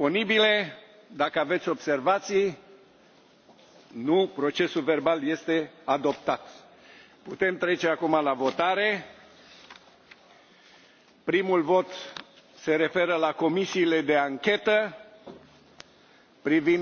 disponibile dacă aveți observații nu procesul verbal este adoptat. putem trece acum la votare. primul vot se referă la comisiile de anchetă privind